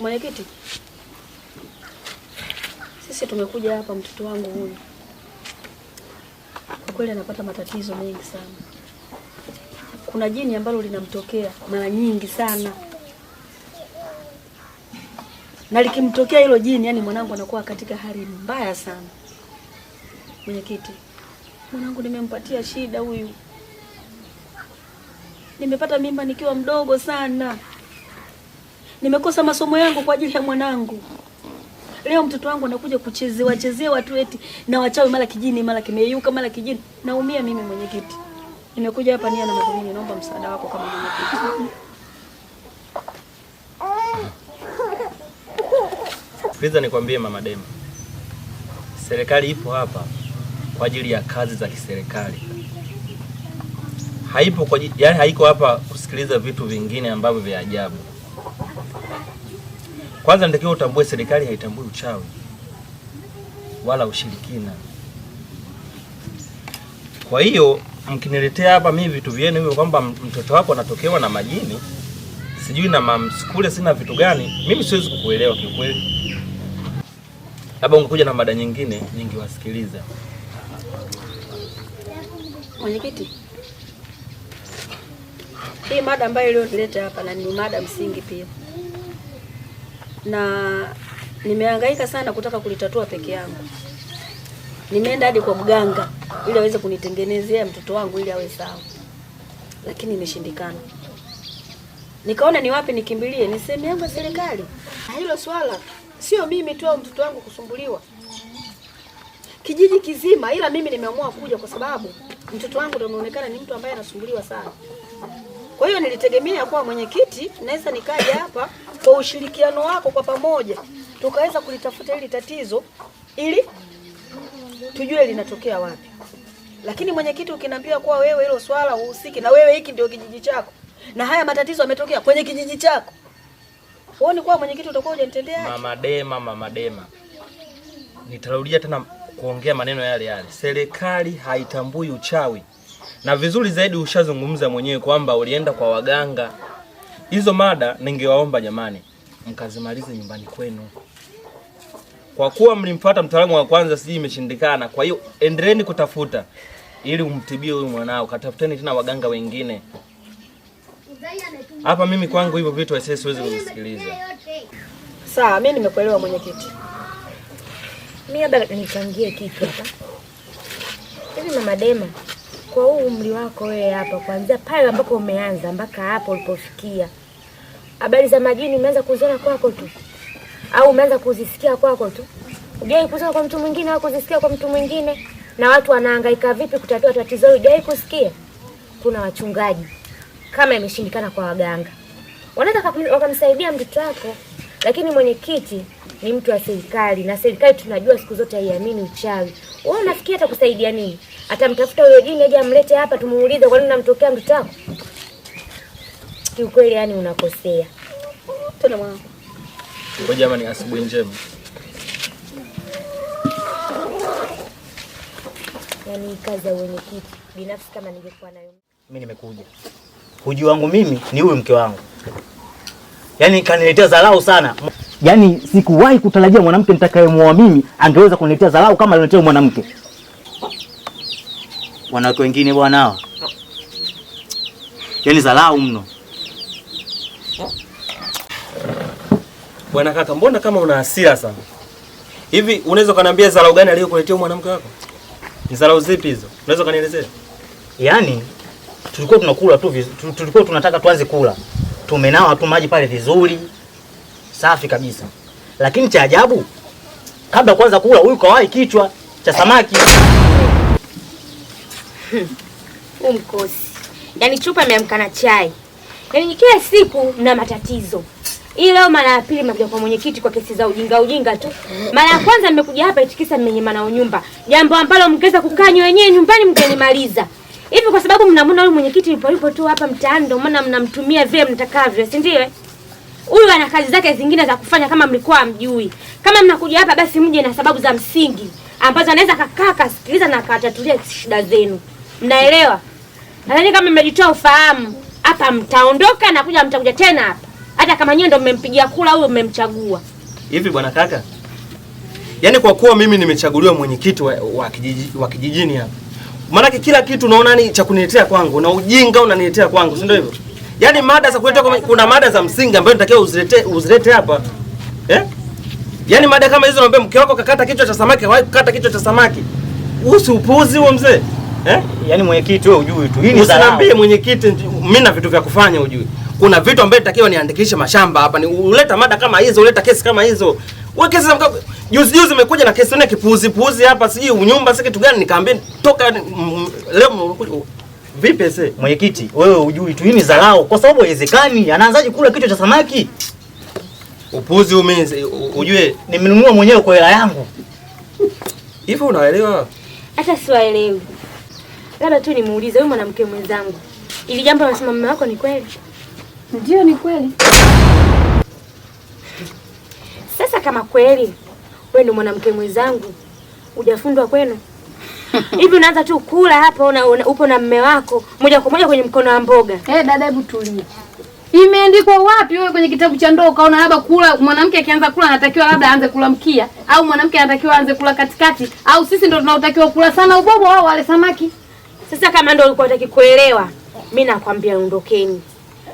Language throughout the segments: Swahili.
Mwenyekiti, sisi tumekuja hapa, mtoto wangu huyu kwa kweli anapata matatizo mengi sana. Kuna jini ambalo linamtokea mara nyingi sana, na likimtokea hilo jini, yani mwanangu anakuwa katika hali mbaya sana. Mwenyekiti, mwanangu nimempatia shida huyu, nimepata mimba nikiwa mdogo sana nimekosa masomo yangu kwa ajili ya mwanangu. Leo mtoto wangu anakuja kuchezewa chezewa tu eti na wachawi, mara kijini, mara kimeyuka, mara kijini. Naumia mimi mwenyekiti, nimekuja hapa nia na madhumuni, naomba msaada wako kama mwenyekiti. Sikiliza nikwambie, mama Dema, serikali ipo hapa kwa ajili ya kazi za kiserikali, haipo kwa, ajili, yani haiko hapa kusikiliza vitu vingine ambavyo vya ajabu. Kwanza natakiwa utambue, serikali haitambui uchawi wala ushirikina. Kwa hiyo mkiniletea hapa mimi vitu vyenu hivyo kwamba mtoto wako anatokewa na majini sijui na mamskule sina vitu gani, mimi siwezi kukuelewa kiukweli. Labda ungekuja na mada nyingine ningewasikiliza. Mwenyekiti, hii mada ambayo iliyoleta hapa na ni mada msingi pia na nimehangaika sana kutaka kulitatua peke yangu. Nimeenda hadi kwa mganga ili aweze kunitengenezea mtoto wangu ili awe sawa, lakini imeshindikana. Nikaona ni wapi nikimbilie, ni sehemu yangu ya serikali. Hilo swala sio mimi tu au mtoto wangu kusumbuliwa, kijiji kizima, ila mimi nimeamua kuja kwa sababu mtoto wangu ndio unaonekana ni mtu ambaye anasumbuliwa sana. Kwa hiyo nilitegemea kuwa mwenyekiti naweza nikaja hapa kwa ushirikiano wako kwa pamoja tukaweza kulitafuta hili tatizo ili tujue linatokea wapi. Lakini mwenyekiti, ukiniambia kuwa wewe hilo swala uhusiki, na wewe hiki ndio kijiji chako na haya matatizo yametokea kwenye kijiji chako, uone kuwa mwenyekiti utakuwa hujanitendea Mama Dema, Mama Dema, nitarudia tena kuongea maneno yale yale, serikali haitambui uchawi, na vizuri zaidi ushazungumza mwenyewe kwamba ulienda kwa waganga hizo mada ningewaomba jamani, mkazimalize nyumbani kwenu, kwa kuwa mlimfuata mtaalamu wa kwanza, sijui imeshindikana. Kwa hiyo endeleeni kutafuta ili umtibie huyu mwanao, katafuteni tena waganga wengine. Hapa mimi kwangu hivyo vitu aisee, siwezi kuvisikiliza. Sawa, mimi nimekuelewa mwenyekiti. Mimi labda nichangie kitu hapa hivi, mama Dema kwa huu umri wako wewe hapa, kuanzia pale ambapo umeanza mpaka hapo ulipofikia, habari za majini umeanza kuziona kwako tu au umeanza kuzisikia kwako tu? Ujai kusema kwa mtu mwingine au kuzisikia kwa mtu mwingine? Na watu wanahangaika vipi kutatua tatizo hilo, hujawahi kusikia? Kuna wachungaji kama imeshindikana kwa waganga, wanaweza wakamsaidia mtoto wako, lakini mwenyekiti ni mtu wa serikali, na serikali tunajua siku zote haiamini uchawi. Wewe unafikia hata kusaidia nini? atamtafuta huyo jini aje amlete hapa, tumuulize kwa nini namtokea mtoto wako. Kiukweli yani unakosea. Tena mwanangu. Ngoja jamani, asubuhi njema. Yani kazi ya wenyekiti binafsi, kama ningekuwa nayo mimi nimekuja uji wangu mimi ni huyu mke wangu, yaani kaniletea dharau sana. Yaani sikuwahi kutarajia mwanamke nitakayemwoa mimi angeweza kuniletea dharau kama aliniletea mwanamke wanawake wengine bwana hawa yaani zalau mno bwana kaka, mbona kama una hasira sana hivi? Unaweza ukaniambia zalau gani aliyokuletea mwanamke wako? Ni zalau zipi hizo? Unaweza ukanielezea? Yaani tulikuwa tunakula tu, tulikuwa tunataka tuanze kula, tumenawa tu maji pale vizuri safi kabisa, lakini cha ajabu, kabla kwanza kula, huyu kawai kichwa cha samaki huu mkosi, yaani chupa imeamka na chai. Yaani kila siku mna matatizo. Hii leo mara ya pili mmekuja kwa mwenyekiti kwa kesi za ujinga ujinga tu. Mara ya kwanza mmekuja hapa itikisa mmenyemana nao nyumba, jambo ambalo mngeza kukanywa wenyewe nyumbani mngenimaliza hivi, kwa sababu mnamuona huyu mwenyekiti yupo yupo tu hapa mtaani, ndio maana mnamtumia vile mtakavyo, si ndio? Huyu ana kazi zake zingine za kufanya, kama mlikuwa hamjui. Kama mnakuja hapa basi mje na sababu za msingi ambazo anaweza kakaa kasikiliza na akatatulia shida zenu. Mnaelewa? Nadhani kama mmejitoa ufahamu hapa, mtaondoka na kuja mtakuja tena hapa, hata kama nyewe ndio mmempigia kula huyo mmemchagua. Hivi bwana kaka, yaani kwa kuwa mimi nimechaguliwa mwenyekiti wa, wa, kijiji, wa kijijini hapa, maanake kila kitu unaona ni cha kuniletea kwangu na ujinga unaniletea kwangu, si ndio hivyo? Yaani mada za kuleta, kuna mada za msingi ambayo nitakiwa uzilete uzilete hapa eh? Yaani mada kama hizo, naomba mke wako kakata kichwa cha samaki, hawahi kukata kichwa cha samaki. Usi upuuzi huo mzee. Eh? Yaani mwenyekiti wewe ujui tu. Hii usiniambie mwenyekiti mimi na vitu vya kufanya ujui. Kuna vitu ambavyo nitakiwa niandikishe mashamba hapa. Ni uleta mada kama hizo, uleta kesi kama hizo. Wewe kesi zamka juzi juzi imekuja na kesi nyingine kipuzi puzi hapa sijui unyumba sasa kitu gani nikaambia toka mm, leo vipi ese? mwenyekiti wewe ujui tu. Hii ni dharau kwa sababu haiwezekani. Anaanzaje kula kichwa cha samaki? Upuzi umeze ujue nimenunua mwenyewe kwa hela yangu. Hivi unaelewa? Hata siwaelewi labda tu nimuulize huyu mwanamke mwenzangu, ili jambo anasema mume wako ni kweli? Ndio, ni kweli. Sasa kama kweli wewe ndio mwanamke mwenzangu, hujafundwa kwenu hivi? Unaanza tu kula hapa una, una, upo na mume wako moja kwa moja kwenye mkono wa mboga. Hey, eh, dada, hebu tulie Imeandikwa wapi wewe kwenye kitabu cha ndoa ukaona labda kula mwanamke akianza kula anatakiwa labda aanze kula mkia, au mwanamke anatakiwa aanze kula katikati, au sisi ndo tunatakiwa kula sana ubobo, au wale samaki? Sasa kama ndio ulikuwa unataka kuelewa, mimi nakwambia ondokeni.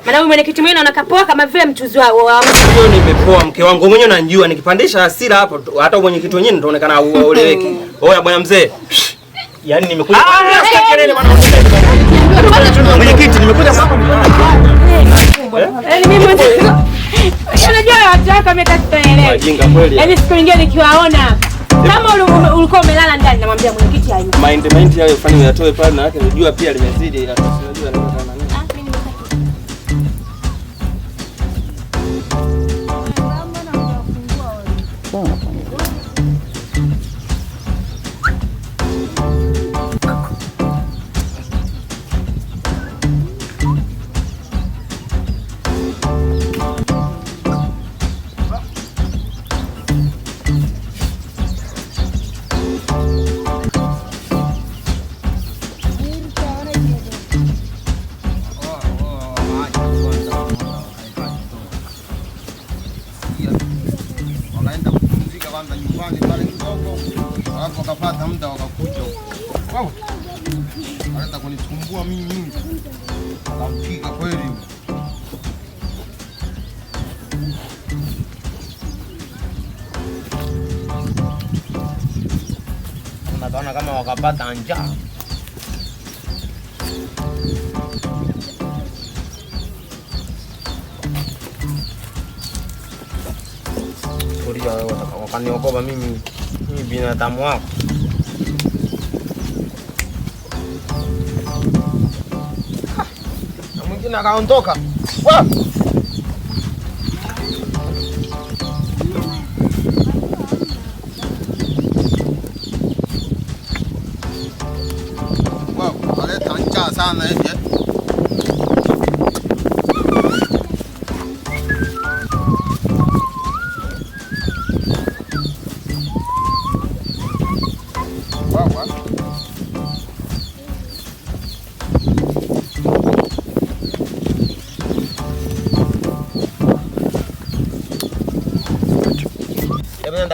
Maana wewe mwenyekiti mwenyewe unaona kapoa kama vile mchuzi wao. hiyo. Nimepoa mke wangu mwenyewe unanijua, nikipandisha hasira hapo hata mwenyekiti wenyewe ndio unaonekana ueleweki. Mm. Oya bwana mzee. Yaani nimekuja Ah, kwa kelele bwana mzee. Mwenyekiti nimekuja kwa Eh, mimi mwenyewe. Yaani siku nyingine nikiwaona kama ulikuwa umelala ndani, namwambia mwenyekiti hayo. Mind mind yale ufanye uyatoe pale na yake unajua pia limezidi ila unajua kidogo, alafu wakapata muda wakakuja hata kunisumbua mimi, akampiga kweli. Nakaona kama wakapata njaa. wakaniogopa mimi ni binadamu wako. Na mwingine akaondoka. Wow, aleta njaa sana hivi. Eh?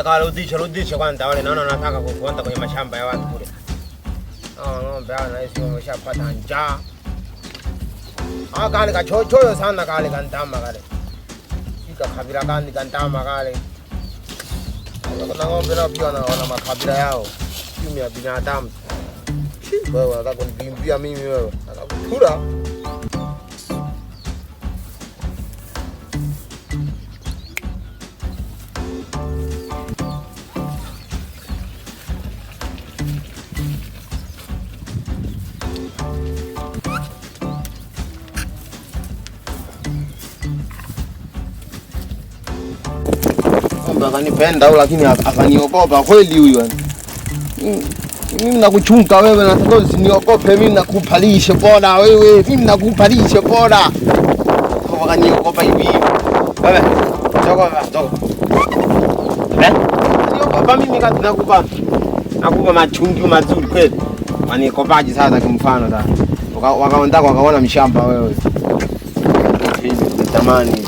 Nenda kawarudishe rudisha kwanza wale, naona wanataka kuanza kwenye mashamba ya watu kule. Hao ah, ng'ombe hao naisi wameshapata njaa. Ah, kale kachochoyo sana kale kandama kale. Kika kabila gani kandama kale. Kuna ng'ombe nao pia wana makabila yao. Kimya binadamu. Wewe unataka kunibimbia mimi wewe. kula. mtu akanipenda au lakini akaniogopa kweli huyu. Mimi nakuchunga wewe na sasa usiniogope mimi nakupalishe bora wewe. Mimi nakupalishe bora. Wakaniogopa hivi. Wewe toka toka. Eh? baba mimi kati nakupa. Nakupa machungu mazuri kweli. Wanikopaji sasa kimfano sasa. Wakaondaka wakaona mshamba wewe. Hivi tamani